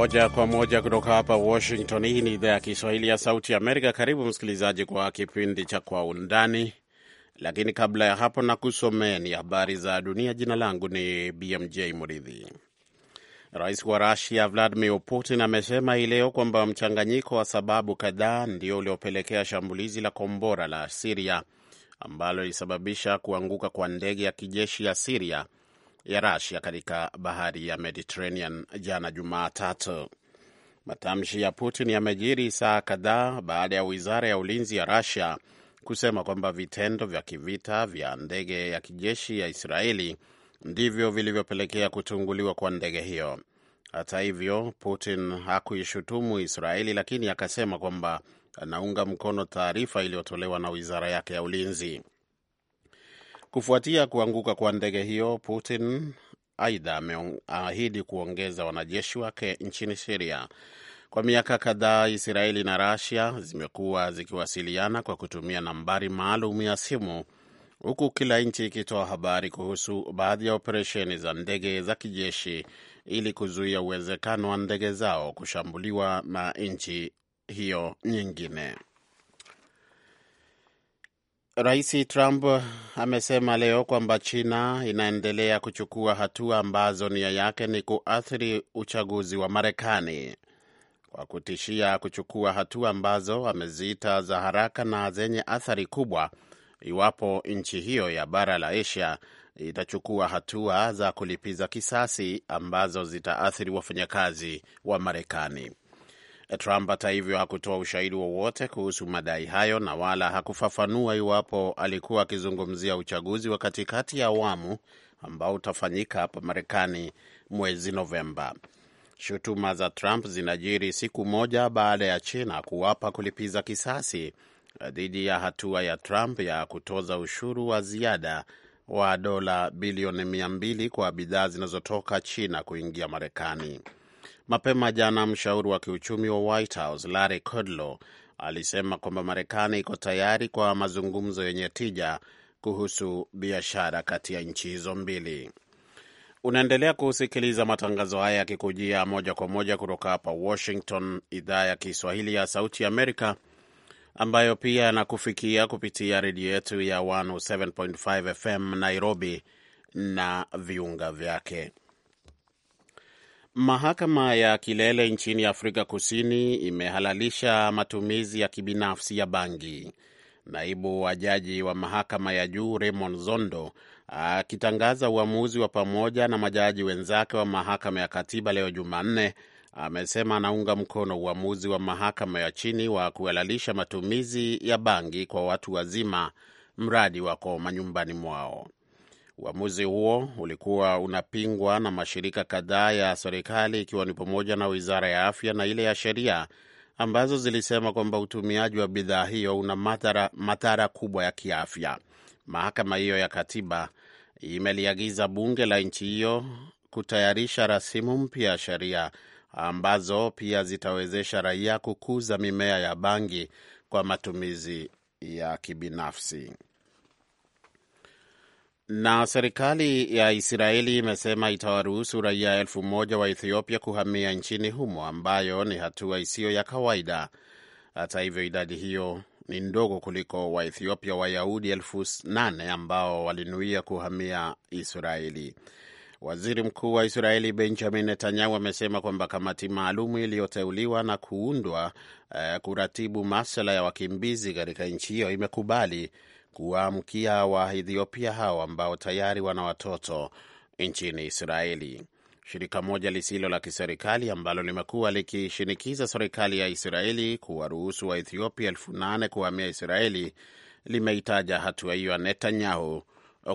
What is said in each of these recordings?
Moja kwa moja kutoka hapa Washington. Hii ni idhaa ya Kiswahili ya Sauti Amerika. Karibu msikilizaji kwa kipindi cha Kwa Undani, lakini kabla ya hapo na ni habari za dunia. Jina langu ni BMJ Muridhi. Rais wa Rusia Vladimir Putin amesema hii leo kwamba mchanganyiko wa sababu kadhaa ndio uliopelekea shambulizi la kombora la Siria ambalo lilisababisha kuanguka kwa ndege ya kijeshi ya Siria ya rasia katika bahari ya Mediterranean jana Jumatatu. Matamshi ya Putin yamejiri saa kadhaa baada ya wizara ya ulinzi ya rasia kusema kwamba vitendo vya kivita vya ndege ya kijeshi ya Israeli ndivyo vilivyopelekea kutunguliwa kwa ndege hiyo. Hata hivyo, Putin hakuishutumu Israeli, lakini akasema kwamba anaunga mkono taarifa iliyotolewa na wizara yake ya ulinzi. Kufuatia kuanguka kwa ndege hiyo, Putin aidha ameahidi kuongeza wanajeshi wake nchini Siria. Kwa miaka kadhaa Israeli na rasia zimekuwa zikiwasiliana kwa kutumia nambari maalum ya simu, huku kila nchi ikitoa habari kuhusu baadhi ya operesheni za ndege za kijeshi ili kuzuia uwezekano wa ndege zao kushambuliwa na nchi hiyo nyingine. Rais Trump amesema leo kwamba China inaendelea kuchukua hatua ambazo nia yake ni kuathiri uchaguzi wa Marekani kwa kutishia kuchukua hatua ambazo ameziita za haraka na zenye athari kubwa iwapo nchi hiyo ya bara la Asia itachukua hatua za kulipiza kisasi ambazo zitaathiri wafanyakazi wa Marekani. Trump hata hivyo hakutoa ushahidi wowote kuhusu madai hayo na wala hakufafanua iwapo alikuwa akizungumzia uchaguzi wa katikati ya awamu ambao utafanyika hapa Marekani mwezi Novemba. Shutuma za Trump zinajiri siku moja baada ya China kuwapa kulipiza kisasi dhidi ya hatua ya Trump ya kutoza ushuru wa ziada wa dola bilioni mia mbili kwa bidhaa zinazotoka China kuingia Marekani. Mapema jana, mshauri wa kiuchumi wa White House Larry Kudlow alisema kwamba Marekani iko tayari kwa mazungumzo yenye tija kuhusu biashara kati ya nchi hizo mbili. Unaendelea kusikiliza matangazo haya yakikujia moja kwa moja kutoka hapa Washington, idhaa ya Kiswahili ya Sauti Amerika, ambayo pia yanakufikia kupitia redio yetu ya 107.5 FM Nairobi na viunga vyake. Mahakama ya kilele nchini Afrika Kusini imehalalisha matumizi ya kibinafsi ya bangi. Naibu wa jaji wa mahakama ya juu Raymond Zondo akitangaza uamuzi wa pamoja na majaji wenzake wa mahakama ya katiba leo Jumanne amesema anaunga mkono uamuzi wa mahakama ya chini wa kuhalalisha matumizi ya bangi kwa watu wazima, mradi wako manyumbani mwao. Uamuzi huo ulikuwa unapingwa na mashirika kadhaa ya serikali ikiwa ni pamoja na wizara ya afya na ile ya sheria ambazo zilisema kwamba utumiaji wa bidhaa hiyo una madhara, madhara kubwa ya kiafya. Mahakama hiyo ya katiba imeliagiza bunge la nchi hiyo kutayarisha rasimu mpya ya sheria ambazo pia zitawezesha raia kukuza mimea ya bangi kwa matumizi ya kibinafsi. Na serikali ya Israeli imesema itawaruhusu raia elfu moja wa Ethiopia kuhamia nchini humo, ambayo ni hatua isiyo ya kawaida. Hata hivyo, idadi hiyo ni ndogo kuliko Waethiopia Wayahudi elfu nane ambao walinuia kuhamia Israeli. Waziri Mkuu wa Israeli Benjamin Netanyahu amesema kwamba kamati maalum iliyoteuliwa na kuundwa eh, kuratibu maswala ya wakimbizi katika nchi hiyo imekubali kuwaamkia Waethiopia hao ambao tayari wana watoto nchini Israeli. Shirika moja lisilo la kiserikali ambalo limekuwa likishinikiza serikali ya Israeli kuwaruhusu Waethiopia elfu nane kuhamia Israeli limeitaja hatua hiyo ya Netanyahu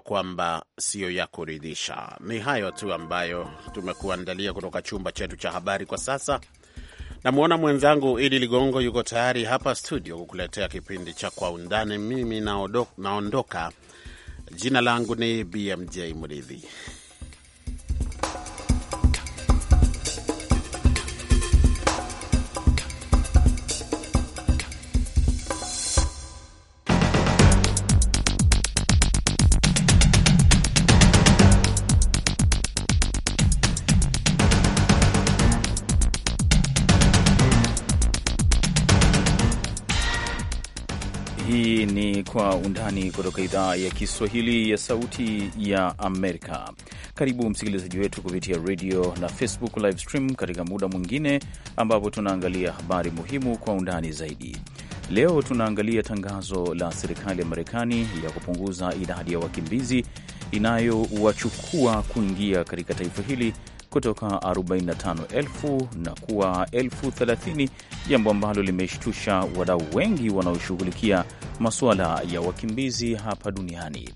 kwamba siyo ya kuridhisha. Ni hayo tu ambayo tumekuandalia kutoka chumba chetu cha habari kwa sasa. Namwona mwenzangu Idi Ligongo yuko tayari hapa studio kukuletea kipindi cha Kwa Undani. Mimi naondoka. Jina langu ni BMJ Mridhi. undani kutoka idhaa ya Kiswahili ya Sauti ya Amerika. Karibu msikilizaji wetu kupitia radio na Facebook live stream katika muda mwingine ambapo tunaangalia habari muhimu kwa undani zaidi. Leo tunaangalia tangazo la serikali ya Marekani ya kupunguza idadi ya wakimbizi inayowachukua kuingia katika taifa hili kutoka 45,000 na kuwa 30,000, jambo ambalo limeshtusha wadau wengi wanaoshughulikia masuala ya wakimbizi hapa duniani.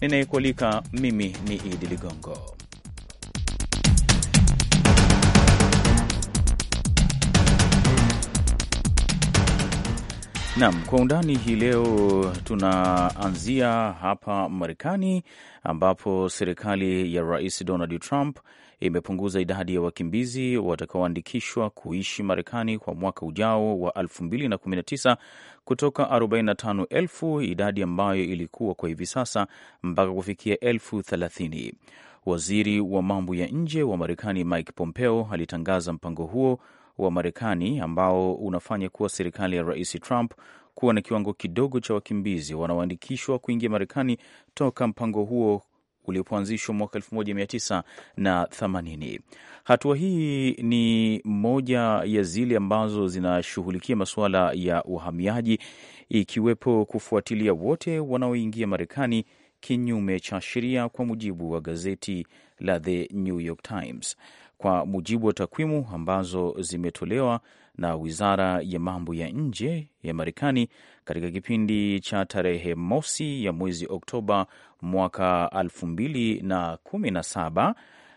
Ninayekualika mimi ni Idi Ligongo. Naam, kwa undani hii leo tunaanzia hapa Marekani ambapo serikali ya Rais Donald Trump imepunguza idadi ya wakimbizi watakaoandikishwa kuishi Marekani kwa mwaka ujao wa 2019 kutoka 45,000 idadi ambayo ilikuwa kwa hivi sasa mpaka kufikia elfu Waziri wa mambo ya nje wa Marekani Mike Pompeo alitangaza mpango huo wa Marekani ambao unafanya kuwa serikali ya Rais Trump kuwa na kiwango kidogo cha wakimbizi wanaoandikishwa kuingia Marekani toka mpango huo ulipoanzishwa mwaka 1980. Hatua hii ni moja ya zile ambazo zinashughulikia masuala ya uhamiaji, ikiwepo kufuatilia wote wanaoingia Marekani kinyume cha sheria, kwa mujibu wa gazeti la The New York Times. Kwa mujibu wa takwimu ambazo zimetolewa na wizara ya mambo ya nje ya Marekani katika kipindi cha tarehe mosi ya mwezi Oktoba mwaka 2017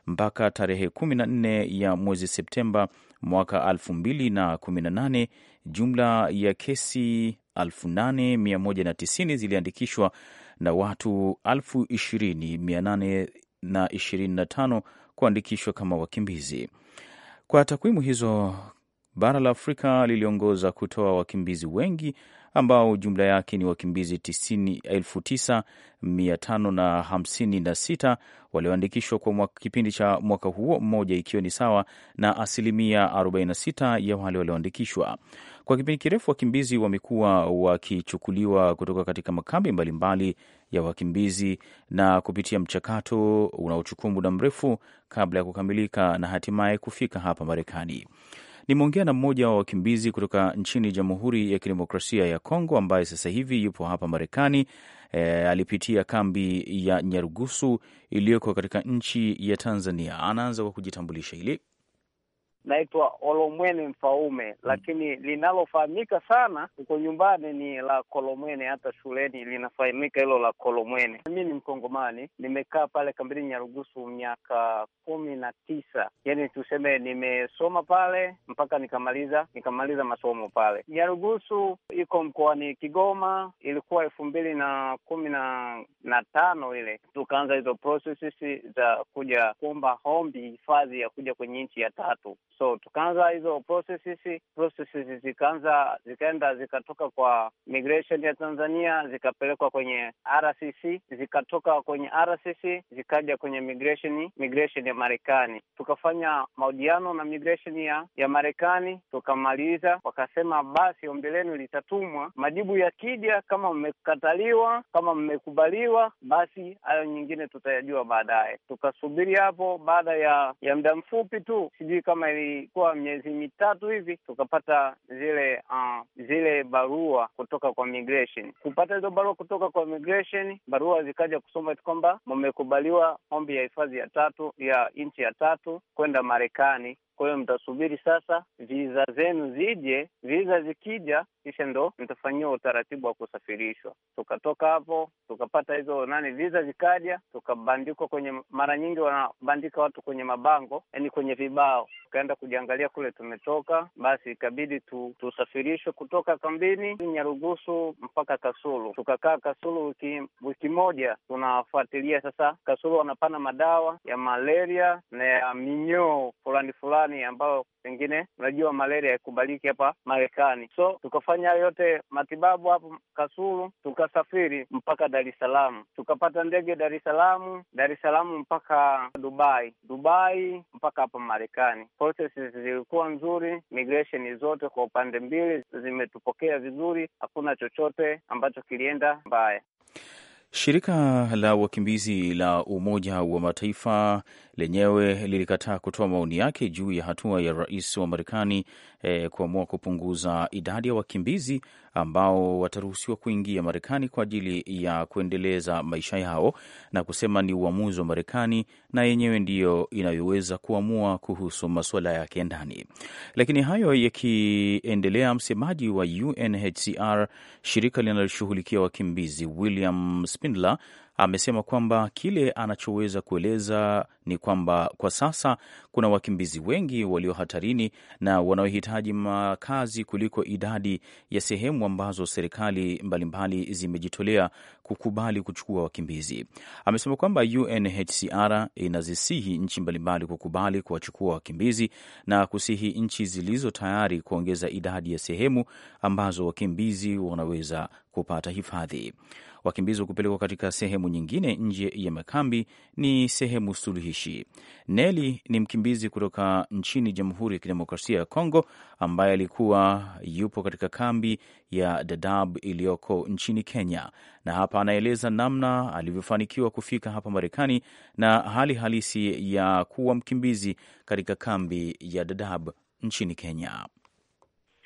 mpaka tarehe 14 ya mwezi Septemba mwaka 2018. Jumla ya kesi 8190 ziliandikishwa na watu 20825 kuandikishwa kama wakimbizi. Kwa takwimu hizo bara la Afrika liliongoza kutoa wakimbizi wengi ambao jumla yake ni wakimbizi 99556 walioandikishwa kwa kipindi cha mwaka huo mmoja, ikiwa ni sawa na asilimia 46 ya wale walioandikishwa. Kwa kipindi kirefu, wakimbizi wamekuwa wakichukuliwa kutoka katika makambi mbalimbali ya wakimbizi na kupitia mchakato unaochukua muda mrefu kabla ya kukamilika na hatimaye kufika hapa Marekani. Nimeongea na mmoja wa wakimbizi kutoka nchini Jamhuri ya Kidemokrasia ya Kongo ambaye sasa hivi yupo hapa Marekani. E, alipitia kambi ya Nyarugusu iliyoko katika nchi ya Tanzania. Anaanza kwa kujitambulisha ili naitwa Olomwene Mfaume, mm. lakini linalofahamika sana huko nyumbani ni la Kolomwene. Hata shuleni linafahamika hilo la Kolomwene. Mi ni Mkongomani, nimekaa pale kambini Nyarugusu miaka kumi na tisa, yani tuseme nimesoma pale mpaka nikamaliza nikamaliza masomo pale Nyarugusu. Iko mkoani Kigoma. Ilikuwa elfu mbili na kumi na tano ile tukaanza hizo processes za kuja kuomba hombi hifadhi ya kuja kwenye nchi ya tatu so tukaanza hizo processes processes zikaanza zikaenda zikatoka kwa migration ya Tanzania zikapelekwa kwenye RCC zikatoka kwenye RCC zikaja kwenye migration migration ya Marekani. Tukafanya mahojiano na migration ya ya Marekani tukamaliza, wakasema basi ombi lenu litatumwa, majibu yakija, kama mmekataliwa, kama mmekubaliwa, basi hayo nyingine tutayajua baadaye. Tukasubiri hapo, baada ya ya muda mfupi tu sijui kama ili ilikuwa miezi mitatu hivi tukapata zile uh, zile barua kutoka kwa migration. Kupata hizo barua kutoka kwa migration, barua zikaja kusoma kwamba mmekubaliwa ombi ya hifadhi ya tatu ya nchi ya tatu kwenda Marekani kwa hiyo mtasubiri sasa viza zenu zije. Viza zikija, kisha ndo mtafanyiwa utaratibu wa kusafirishwa. Tukatoka hapo tukapata hizo nani, viza zikaja, tukabandikwa kwenye, mara nyingi wanabandika watu kwenye mabango, yani kwenye vibao. Tukaenda kujiangalia kule tumetoka, basi ikabidi tu, tusafirishwe kutoka kambini Nyarugusu mpaka Kasulu. Tukakaa Kasulu wiki, wiki moja, tunafuatilia sasa. Kasulu wanapana madawa ya malaria na ya minyoo fulani fulani fulani ambao pengine unajua malaria haikubaliki hapa Marekani. So tukafanya yote matibabu hapo Kasulu, tukasafiri mpaka Dar es Salaam, tukapata ndege Dar es Salaam, Dar es Salaam mpaka Dubai, Dubai mpaka hapa Marekani. Processes zilikuwa nzuri, migration zote kwa upande mbili zimetupokea vizuri, hakuna chochote ambacho kilienda mbaya. Shirika la wakimbizi la Umoja wa Mataifa lenyewe lilikataa kutoa maoni yake juu ya hatua ya rais wa Marekani e, kuamua kupunguza idadi ya wakimbizi ambao wataruhusiwa kuingia Marekani kwa ajili ya kuendeleza maisha yao na kusema ni uamuzi wa Marekani na yenyewe ndiyo inayoweza kuamua kuhusu masuala yake ndani. Lakini hayo yakiendelea, msemaji wa UNHCR, shirika linaloshughulikia wakimbizi, William Spindler amesema kwamba kile anachoweza kueleza ni kwamba kwa sasa kuna wakimbizi wengi walio hatarini na wanaohitaji makazi kuliko idadi ya sehemu ambazo serikali mbalimbali zimejitolea kukubali kuchukua wakimbizi. Amesema kwamba UNHCR inazisihi nchi mbalimbali kukubali kuwachukua wakimbizi na kusihi nchi zilizo tayari kuongeza idadi ya sehemu ambazo wakimbizi wanaweza kupata hifadhi. Wakimbizi wa kupelekwa katika sehemu nyingine nje ya makambi ni sehemu suluhishi. Neli ni mkimbizi kutoka nchini Jamhuri ya Kidemokrasia ya Kongo ambaye alikuwa yupo katika kambi ya Dadaab iliyoko nchini Kenya, na hapa anaeleza namna alivyofanikiwa kufika hapa Marekani na hali halisi ya kuwa mkimbizi katika kambi ya Dadaab nchini Kenya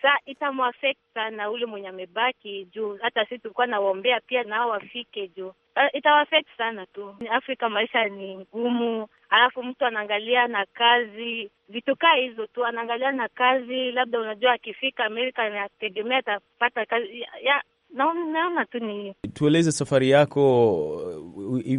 sa itamwafect sana ule mwenye amebaki, juu hata sisi tulikuwa nawaombea pia nao wafike juu itawafekt sana tu. Afrika maisha ni ngumu, alafu mtu anaangalia na kazi, vitu kaa hizo tu, anaangalia na kazi. Labda unajua akifika Amerika anategemea atapata kazi ya, naona tu ni tueleze safari yako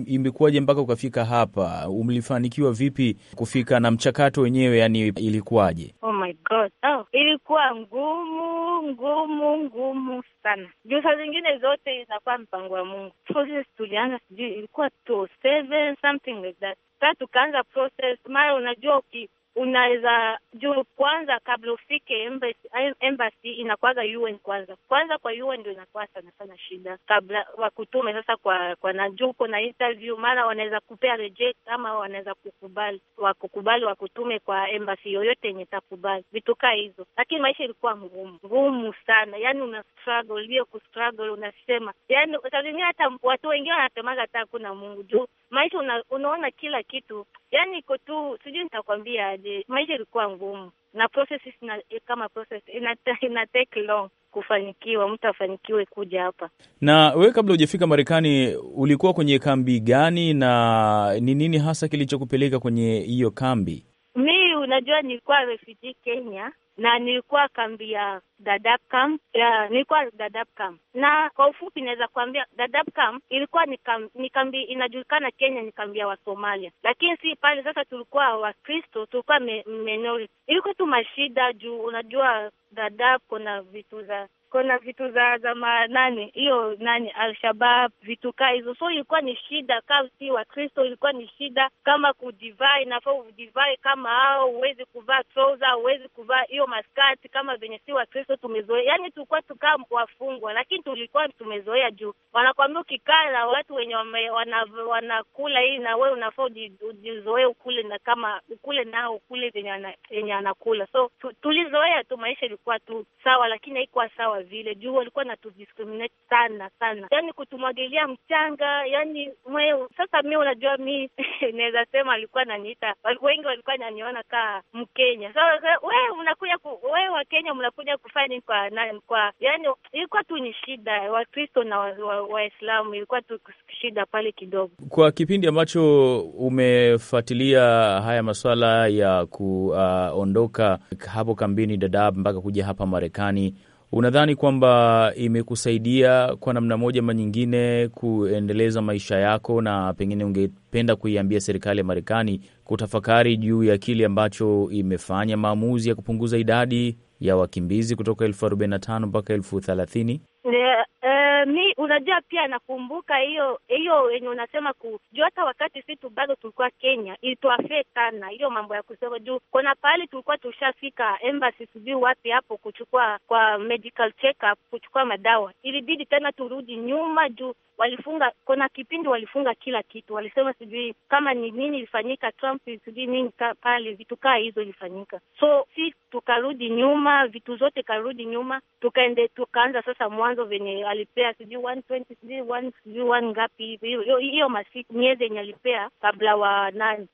imekuwaje mpaka ukafika hapa, ulifanikiwa vipi kufika na mchakato wenyewe, yani ilikuwaje? Oh my God. Oh, ilikuwa ngumu ngumu ngumu sana juu saa zingine zote inakuwa mpango wa Mungu. Process tulianza sijui ilikuwa two oh seven something like that, Sasa tukaanza process mara, unajua unaweza juu, kwanza kabla ufike embassy, embassy inakwaga UN kwanza kwanza, kwa UN ndio inakuwa sana sana shida kabla wakutume sasa kwa kwa na juu na interview, mara wanaweza kupea reject ama wanaweza kukubali, wakukubali wakutume kwa embassy yoyote yenye takubali vitu kaa hizo, lakini maisha ilikuwa ngumu ngumu sana, yani una struggle hiyo ku unasema, yani saa zingine hata watu wengine wanasemaga hata hakuna Mungu juu maisha una, unaona kila kitu yani iko tu, sijui nitakwambia aje, maisha ilikuwa ngumu na process na, eh, kama process ina, ina take long kufanikiwa mtu afanikiwe kuja hapa. Na wewe kabla hujafika Marekani ulikuwa kwenye kambi gani na ni nini hasa kilichokupeleka kwenye hiyo kambi? Unajua, nilikuwa refugee Kenya na nilikuwa kambi ya Dadaab camp, ya nilikuwa Dadaab camp, na kwa ufupi naweza kuambia Dadaab camp ilikuwa ni kambi, ni kambi inajulikana Kenya ni kambi ya Wasomalia, lakini si pale. Sasa tulikuwa Wakristo, tulikuwa minority. Ilikuwa tu mashida juu unajua Dadaab kuna vitu za kuna vitu za za nani hiyo nani Alshabab vitu kaa hizo, so ilikuwa ni shida kaa si Wakristo, ilikuwa ni shida kama kudivai, inafaa udivai kama hao, huwezi kuvaa trouser, huwezi kuvaa hiyo maskati kama venye si Wakristo tumezoea. Yani tulikuwa tukaa wafungwa, lakini tulikuwa tumezoea juu wanakwambia ukikaa na watu wenye wanakula hii na we unafaa ujizoee ukule na kama ukule nao ukule venye anakula, so tulizoea tu, maisha ilikuwa tu sawa, lakini haikuwa sawa vile juu walikuwa na sana sana, yani kutumwagilia mchanga, yani mweo. Sasa mi unajua mi naweza sema alikuwa naniita, wengi walikuwa naniona kaa Mkenya. so we unakuja we Wakenya mnakuja kufanya kwa nani? Kwa yani ilikuwa tu ni shida, Wakristo na Waislamu wa ilikuwa tu shida pale kidogo. Kwa kipindi ambacho umefuatilia haya masuala ya kuondoka uh, hapo kambini Dadaab mpaka kuja hapa Marekani unadhani kwamba imekusaidia kwa namna moja ama nyingine kuendeleza maisha yako, na pengine ungependa kuiambia serikali ya Marekani kutafakari juu ya kile ambacho imefanya maamuzi ya kupunguza idadi ya wakimbizi kutoka elfu arobaini na tano mpaka elfu thelathini? Uh, mi unajua pia nakumbuka hiyo hiyo yenye unasema ku juu, hata wakati si tu bado tulikuwa Kenya ilituafe sana hiyo mambo ya kusema juu, kuna pahali tulikuwa tushafika embassy sijui wapi hapo kuchukua kwa medical check up, kuchukua madawa, ilibidi tena turudi nyuma juu walifunga, kuna kipindi walifunga kila kitu, walisema sijui kama ni nini ilifanyika Trump sijui nini pale, vitu kaa hizo ilifanyika, so si tukarudi nyuma, vitu zote karudi nyuma, tukaende tukaanza sasa mwanzo venye alipea sijui 120 twenty sijui one sijui ngapi hivi hiyo masiku miezi yenye alipea kabla wa nani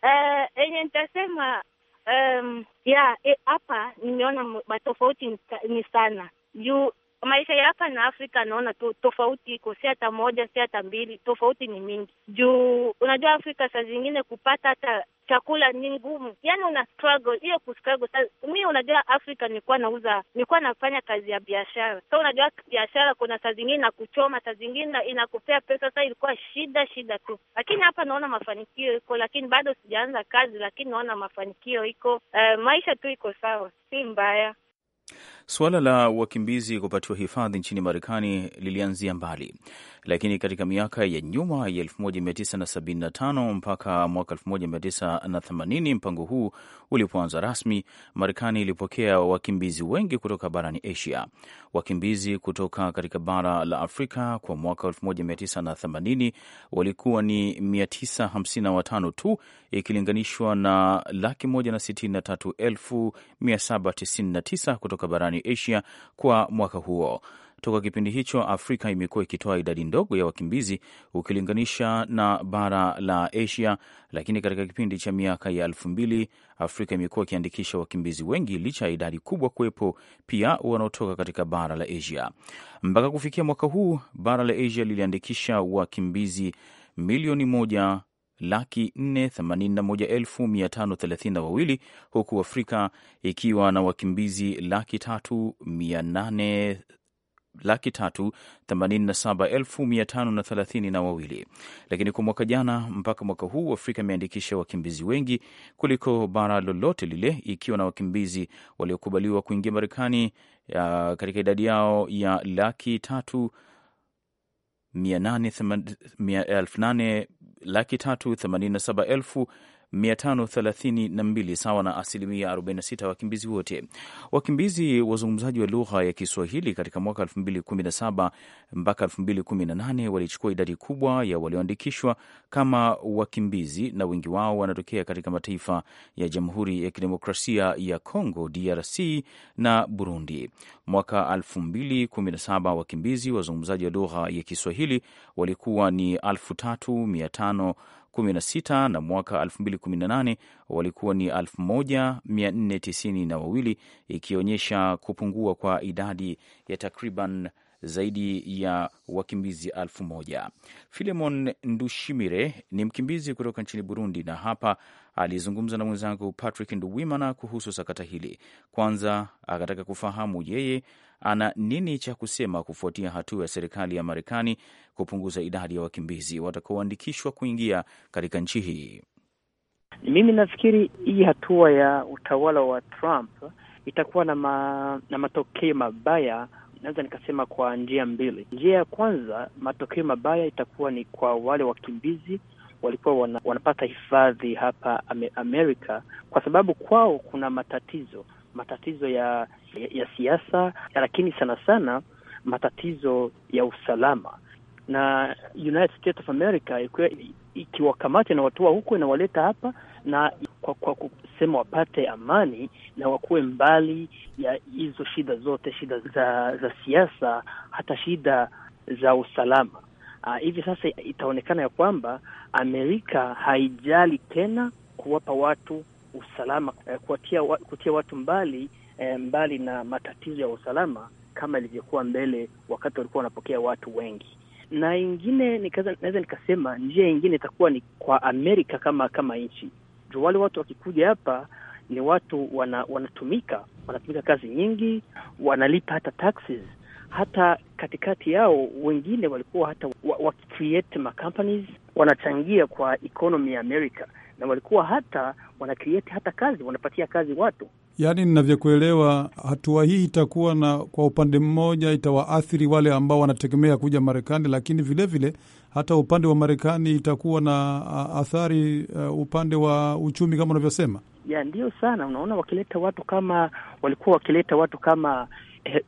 yenye eh, nitasema ya eh, hapa nimeona matofauti ni sana juu maisha ya hapa na Afrika naona tu tofauti iko, si hata moja, si hata mbili, tofauti ni mingi. Juu unajua Afrika saa zingine kupata hata chakula ni ngumu, yani una struggle hiyo kustruggle. Mi unajua Afrika nilikuwa nauza, nilikuwa nafanya kazi ya biashara, so unajua biashara kuna saa zingine inakuchoma, saa zingine inakupea pesa, sa ilikuwa shida shida tu, lakini hapa naona mafanikio iko, lakini bado sijaanza kazi, lakini naona mafanikio iko. Uh, maisha tu iko sawa, si mbaya. Suala la wakimbizi kupatiwa hifadhi nchini Marekani lilianzia mbali, lakini katika miaka ya nyuma ya 1975 mpaka mwaka 1980 mpango huu ulipoanza rasmi, Marekani ilipokea wakimbizi wengi kutoka barani Asia. Wakimbizi kutoka katika bara la Afrika kwa mwaka 1980 walikuwa ni 955 tu ikilinganishwa na laki 163,799 kutoka barani barani Asia kwa mwaka huo. Toka kipindi hicho Afrika imekuwa ikitoa idadi ndogo ya wakimbizi ukilinganisha na bara la Asia, lakini katika kipindi cha miaka ya elfu mbili Afrika imekuwa ikiandikisha wakimbizi wengi licha ya idadi kubwa kuwepo pia wanaotoka katika bara la Asia. Mpaka kufikia mwaka huu bara la Asia liliandikisha wakimbizi milioni moja laki 481,532 huku Afrika ikiwa na wakimbizi laki tatu mia nane laki tatu themanini na saba elfu mia tano na thelathini na wawili. Lakini kwa mwaka jana mpaka mwaka huu Afrika imeandikisha wakimbizi wengi kuliko bara lolote lile, ikiwa na wakimbizi waliokubaliwa kuingia Marekani katika idadi yao ya laki tatu elfu nane laki tatu themanini na saba elfu 532 sawa na asilimia 46 wakimbizi wote. Wakimbizi wazungumzaji wa lugha ya Kiswahili katika mwaka 2017 mpaka 2018 walichukua idadi kubwa ya walioandikishwa kama wakimbizi, na wengi wao wanatokea katika mataifa ya Jamhuri ya Kidemokrasia ya Kongo DRC na Burundi. Mwaka 2017 wakimbizi wazungumzaji wa lugha ya Kiswahili walikuwa ni 3500 16 na mwaka 2018 walikuwa ni 1492 ikionyesha kupungua kwa idadi ya takriban zaidi ya wakimbizi elfu moja. Filemon Ndushimire ni mkimbizi kutoka nchini Burundi na hapa alizungumza na mwenzangu Patrick Nduwimana kuhusu sakata hili. Kwanza akataka kufahamu yeye ana nini cha kusema kufuatia hatua ya serikali ya Marekani kupunguza idadi ya wakimbizi watakaoandikishwa kuingia katika nchi hii. Mimi nafikiri hii hatua ya utawala wa Trump itakuwa na, ma, na matokeo mabaya naweza nikasema kwa njia mbili. Njia ya kwanza, matokeo mabaya itakuwa ni kwa wale wakimbizi walikuwa wana, wanapata hifadhi hapa Amerika kwa sababu kwao kuna matatizo matatizo ya, ya, ya siasa, lakini sana sana matatizo ya usalama na United States of America ikiwakamata inawatoa huko inawaleta hapa, na kwa, kwa kusema wapate amani na wakuwe mbali ya hizo shida zote, shida za, za siasa, hata shida za usalama. Uh, hivi sasa itaonekana ya kwamba Amerika haijali tena kuwapa watu usalama, eh, kuwatia, kutia watu mbali eh, mbali na matatizo ya usalama kama ilivyokuwa mbele wakati walikuwa wanapokea watu wengi na ingine naweza nikasema njia ingine itakuwa ni kwa Amerika kama kama nchi juu wale watu wakikuja hapa ni watu wana, wanatumika wanatumika kazi nyingi, wanalipa hata taxes. Hata katikati yao wengine walikuwa hata wa, wa ma companies wanachangia kwa economy ya Amerika, na walikuwa hata wana hata kazi, wanapatia kazi watu Yaani, ninavyokuelewa, hatua hii itakuwa na, kwa upande mmoja itawaathiri wale ambao wanategemea kuja Marekani, lakini vilevile vile, hata upande wa Marekani itakuwa na athari uh, upande wa uchumi kama unavyosema. Ya ndiyo sana, unaona wakileta watu kama walikuwa wakileta watu kama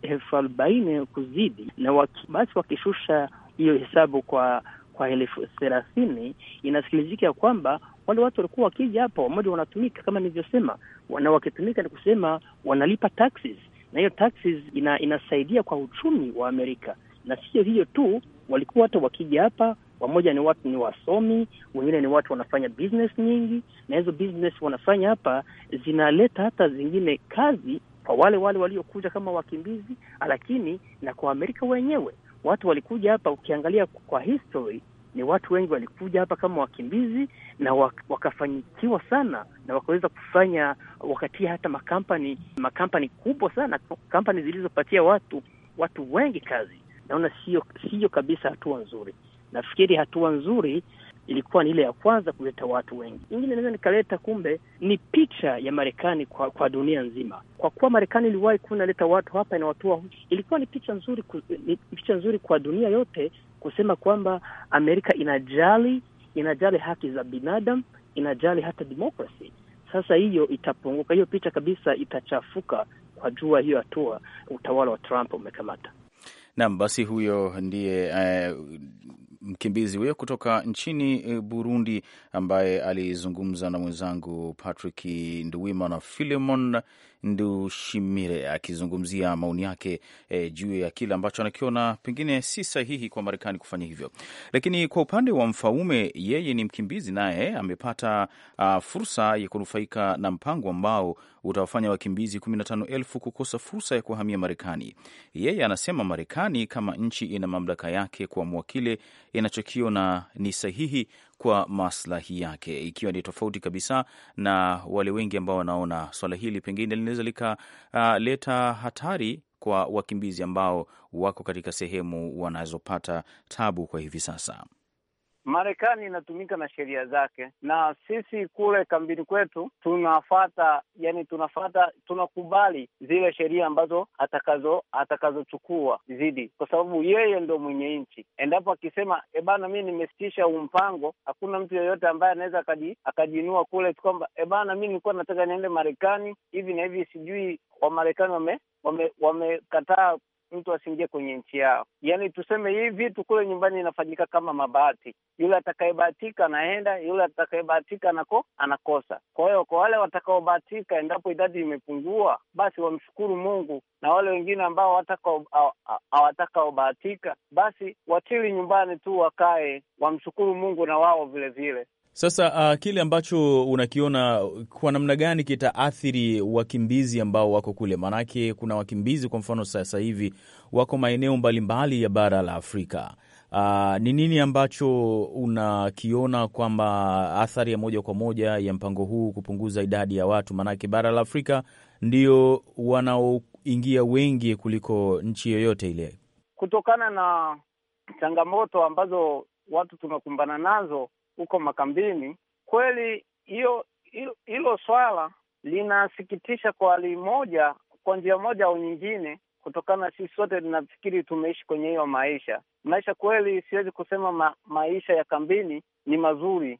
elfu arobaini kuzidi na waki, basi wakishusha hiyo hesabu kwa kwa elfu thelathini inasikilizika ya kwamba wale watu walikuwa wakija hapo, wamoja wanatumika kama nilivyosema, na wakitumika ni kusema wanalipa taxes, na hiyo taxes ina, inasaidia kwa uchumi wa Amerika. Na sio hiyo tu, walikuwa hata wakija hapa wamoja ni watu ni wasomi, wengine ni watu wanafanya business nyingi, na hizo business wanafanya hapa zinaleta hata zingine kazi kwa wale wale waliokuja kama wakimbizi, lakini na kwa Amerika wenyewe watu walikuja hapa. Ukiangalia kwa history ni watu wengi walikuja hapa kama wakimbizi na wakafanyikiwa sana na wakaweza kufanya wakatia hata makampani makampani kubwa sana, kampani zilizopatia watu watu wengi kazi. Naona sio sio kabisa hatua nzuri. Nafikiri hatua nzuri ilikuwa ni ile ya kwanza kuleta watu wengi. Ingine naweza nikaleta, kumbe ni picha ya Marekani kwa kwa dunia nzima, kwa kuwa Marekani iliwahi kuwa inaleta watu hapa, inawatoa. Ilikuwa ni picha nzuri ku, ni picha nzuri kwa dunia yote kusema kwamba Amerika inajali inajali haki za binadamu, inajali hata demokrasi. Sasa hiyo itapunguka, hiyo picha kabisa itachafuka kwa jua hiyo hatua utawala wa Trump umekamata. Naam, basi huyo ndiye uh, mkimbizi huyo kutoka nchini eh, Burundi ambaye alizungumza na mwenzangu Patrick Nduwimana na Filemon Ndushimire akizungumzia maoni yake e, juu ya kile ambacho anakiona pengine si sahihi kwa Marekani kufanya hivyo. Lakini kwa upande wa Mfaume, yeye ni mkimbizi, naye amepata a, fursa ya kunufaika na mpango ambao utawafanya wakimbizi 15,000 kukosa fursa ya kuhamia Marekani. Yeye anasema Marekani kama nchi ina mamlaka yake kuamua kile inachokiona ni sahihi kwa maslahi yake, ikiwa ni tofauti kabisa na wale wengi ambao wanaona swala hili pengine linaweza likaleta uh, hatari kwa wakimbizi ambao wako katika sehemu wanazopata tabu kwa hivi sasa. Marekani inatumika na sheria zake, na sisi kule kambini kwetu tunafata, yani tunafata, tunakubali zile sheria ambazo atakazo atakazochukua zidi, kwa sababu yeye ndo mwenye nchi. Endapo akisema e bana mi nimesitisha huu mpango, hakuna mtu yeyote ambaye anaweza akajinua kule kwamba e bana mi nilikuwa nataka niende Marekani hivi na hivi, sijui Wamarekani wame wamekataa wame mtu asiingie kwenye nchi yao. Yaani tuseme hii vitu kule nyumbani inafanyika kama mabahati, yule atakayebahatika anaenda, yule atakayebahatika anako anakosa. Kwa hiyo kwa wale watakaobahatika, endapo idadi imepungua, basi wamshukuru Mungu, na wale wengine ambao hawatakaobahatika, basi watili nyumbani tu wakae, wamshukuru Mungu na wao vilevile. Sasa uh, kile ambacho unakiona kwa namna gani kitaathiri wakimbizi ambao wako kule? Maanake kuna wakimbizi kwa mfano sasa hivi wako maeneo mbalimbali ya bara la Afrika. Uh, ni uh, nini ambacho unakiona kwamba athari ya moja kwa moja ya mpango huu kupunguza idadi ya watu? Maanake bara la Afrika ndio wanaoingia wengi kuliko nchi yoyote ile, kutokana na changamoto ambazo watu tumekumbana nazo huko makambini. Kweli hiyo hilo swala linasikitisha kwa hali moja, kwa njia moja au nyingine, kutokana na sisi sote tunafikiri tumeishi kwenye hiyo maisha. Maisha kweli, siwezi kusema ma, maisha ya kambini ni mazuri,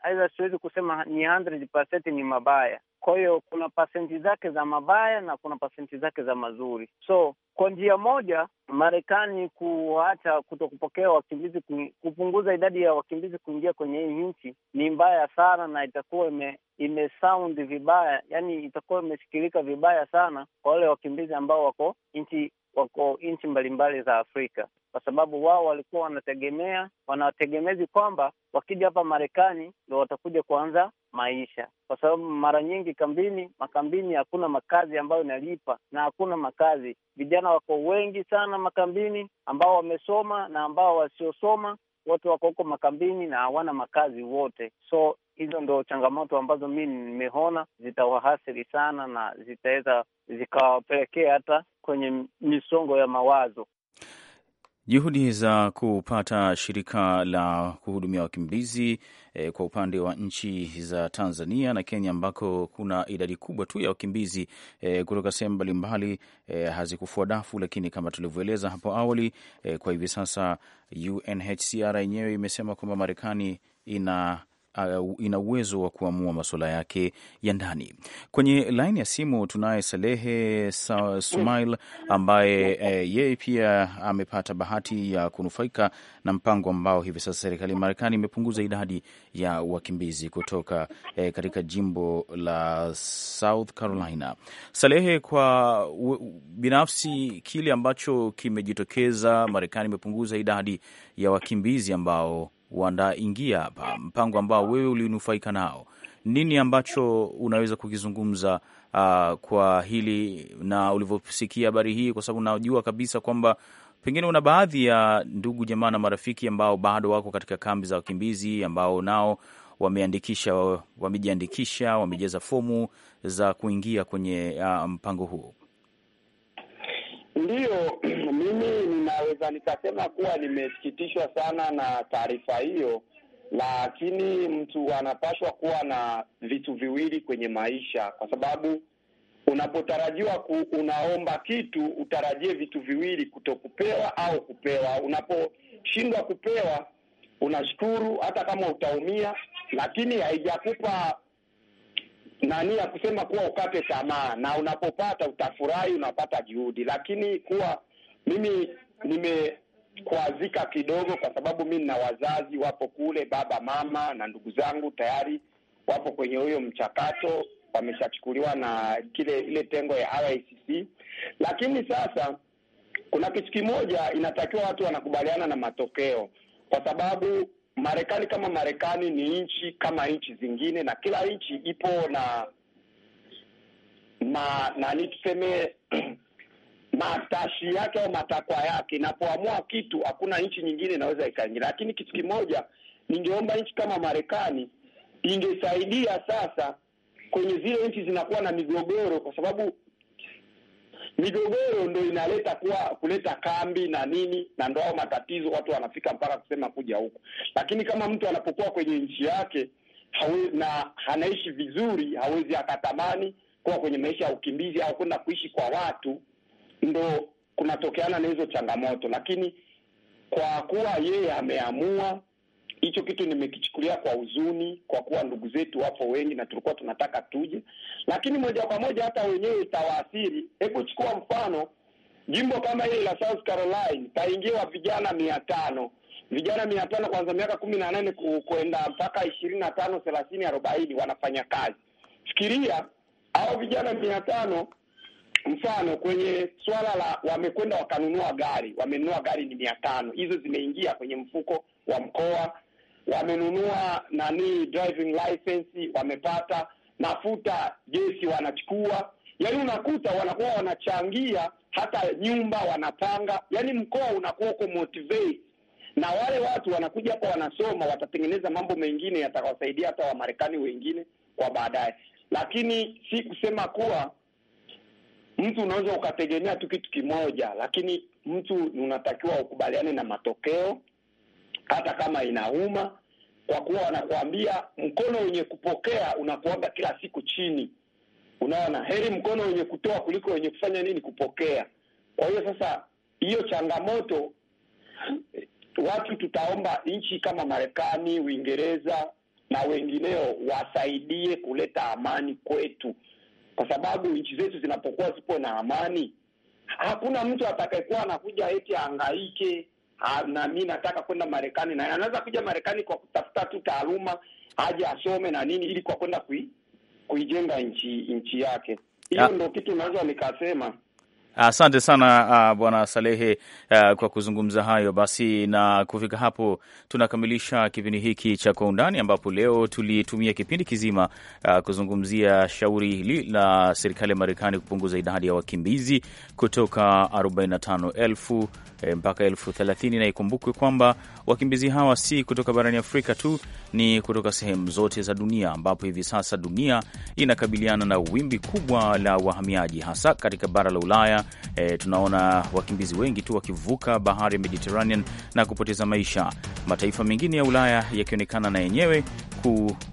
aidha, siwezi kusema ni 100% ni mabaya. Kwa hiyo kuna pasenti zake za mabaya na kuna pasenti zake za mazuri. So kwa njia moja, Marekani kuacha kuto kupokea wakimbizi, kupunguza idadi ya wakimbizi kuingia kwenye hii nchi ni mbaya sana, na itakuwa ime, imesaundi vibaya, yani itakuwa imesikilika vibaya sana kwa wale wakimbizi ambao wako nchi wako nchi mbalimbali za Afrika, kwa sababu wao walikuwa wanategemea wanawategemezi kwamba wakija hapa Marekani ndo watakuja kuanza maisha, kwa sababu mara nyingi kambini, makambini hakuna makazi ambayo inalipa na hakuna makazi. Vijana wako wengi sana makambini, ambao wamesoma na ambao wasiosoma, wote wako huko makambini na hawana makazi wote. So hizo ndo changamoto ambazo mi nimeona zitawahasiri sana na zitaweza zikawapelekea hata kwenye misongo ya mawazo. Juhudi za kupata shirika la kuhudumia wakimbizi e, kwa upande wa nchi za Tanzania na Kenya ambako kuna idadi kubwa tu ya wakimbizi e, kutoka sehemu mbalimbali e, hazikufua dafu, lakini kama tulivyoeleza hapo awali e, kwa hivi sasa UNHCR yenyewe imesema kwamba Marekani ina uh, ina uwezo wa kuamua masuala yake ya ndani. Kwenye laini ya simu tunaye Salehe Sumail ambaye eh, yeye pia amepata bahati ya kunufaika na mpango ambao hivi sasa serikali ya Marekani imepunguza idadi ya wakimbizi kutoka eh, katika jimbo la South Carolina. Salehe, kwa binafsi kile ambacho kimejitokeza, Marekani imepunguza idadi ya wakimbizi ambao wanaingia hapa, mpango ambao wewe ulinufaika nao. Nini ambacho unaweza kukizungumza uh, kwa hili na ulivyosikia habari hii, kwa sababu unajua kabisa kwamba pengine una baadhi ya ndugu jamaa na marafiki ambao bado wako katika kambi za wakimbizi ambao nao wameandikisha wamejiandikisha wamejaza fomu za kuingia kwenye uh, mpango huo Ndiyo, mimi ninaweza nikasema kuwa nimesikitishwa sana na taarifa hiyo, lakini mtu anapaswa kuwa na vitu viwili kwenye maisha, kwa sababu unapotarajiwa ku, unaomba kitu utarajie vitu viwili, kutokupewa au kupewa. Unaposhindwa kupewa unashukuru hata kama utaumia, lakini haijakupa nani ya kusema kuwa ukate tamaa, na unapopata utafurahi, unapata juhudi, lakini kuwa mimi nimekwazika kidogo, kwa sababu mi nina wazazi wapo kule, baba mama na ndugu zangu tayari wapo kwenye huyo mchakato, wameshachukuliwa na kile ile tengo ya RICC. Lakini sasa kuna kitu kimoja inatakiwa watu wanakubaliana na matokeo, kwa sababu Marekani kama Marekani ni nchi kama nchi zingine, na kila nchi ipo na ma, nani tuseme matashi yake au matakwa yake. Inapoamua kitu, hakuna nchi nyingine inaweza ikaingilia. Lakini kitu kimoja, ningeomba nchi kama Marekani ingesaidia sasa kwenye zile nchi zinakuwa na migogoro, kwa sababu Migogoro ndo inaleta kuwa kuleta kambi na nini, na ndo ao matatizo, watu wanafika mpaka kusema kuja huku. Lakini kama mtu anapokuwa kwenye nchi yake hawe, na anaishi vizuri, hawezi akatamani kuwa kwenye maisha ya ukimbizi au kwenda kuishi kwa watu, ndo kunatokeana na hizo changamoto. Lakini kwa kuwa yeye ameamua Hicho kitu nimekichukulia kwa huzuni, kwa kuwa ndugu zetu wapo wengi na tulikuwa tunataka tuje, lakini moja kwa moja hata wenyewe itawaathiri. Hebu chukua mfano jimbo kama hili la South Carolina, taingiwa vijana mia tano vijana mia tano kwanza miaka kumi na nane kwenda mpaka ishirini na tano thelathini arobaini wanafanya kazi. Fikiria au vijana mia tano mfano kwenye swala la wamekwenda wakanunua gari, wamenunua gari ni mia tano, hizo zimeingia kwenye mfuko wa mkoa wamenunua nani driving license, wamepata mafuta gesi wanachukua, yaani unakuta wanakuwa wanachangia hata nyumba wanapanga, yaani mkoa unakuwa uko motivate na wale watu wanakuja hapa wanasoma, watatengeneza mambo mengine yatakawasaidia hata Wamarekani wengine kwa baadaye, lakini si kusema kuwa mtu unaweza ukategemea tu kitu kimoja, lakini mtu unatakiwa ukubaliane na matokeo hata kama inauma, kwa kuwa wanakuambia mkono wenye kupokea unakuanga kila siku chini. Unaona, heri mkono wenye kutoa kuliko wenye kufanya nini, kupokea. Kwa hiyo sasa, hiyo changamoto watu tutaomba nchi kama Marekani, Uingereza na wengineo wasaidie kuleta amani kwetu, kwa sababu nchi zetu zinapokuwa zipo na amani, hakuna mtu atakayekuwa anakuja eti ahangaike Ah, na mi nataka kwenda Marekani, na anaweza kuja Marekani kwa kutafuta tu taaluma, aje asome na nini, ili kwa kwenda kui, kuijenga nchi nchi yake. Hiyo ndo kitu naweza nikasema. Asante sana uh, bwana Salehe uh, kwa kuzungumza hayo. Basi na kufika hapo, tunakamilisha kipindi hiki cha Kwa Undani, ambapo leo tulitumia kipindi kizima uh, kuzungumzia shauri hili la serikali ya Marekani kupunguza idadi ya wakimbizi kutoka 45,000 eh, mpaka 30,000 na ikumbukwe kwamba wakimbizi hawa si kutoka barani Afrika tu, ni kutoka sehemu zote za dunia, ambapo hivi sasa dunia inakabiliana na wimbi kubwa la wahamiaji hasa katika bara la Ulaya e, tunaona wakimbizi wengi tu wakivuka bahari ya Mediterranean na kupoteza maisha, mataifa mengine ya Ulaya yakionekana na yenyewe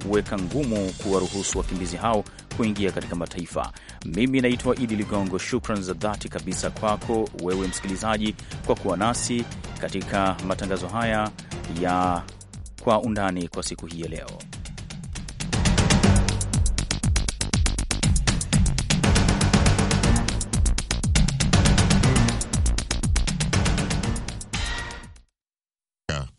kuweka ngumu kuwaruhusu wakimbizi hao kuingia katika mataifa. Mimi naitwa Idi Ligongo. Shukran za dhati kabisa kwako wewe msikilizaji kwa kuwa nasi katika matangazo haya ya Kwa Undani kwa siku hii ya leo. America.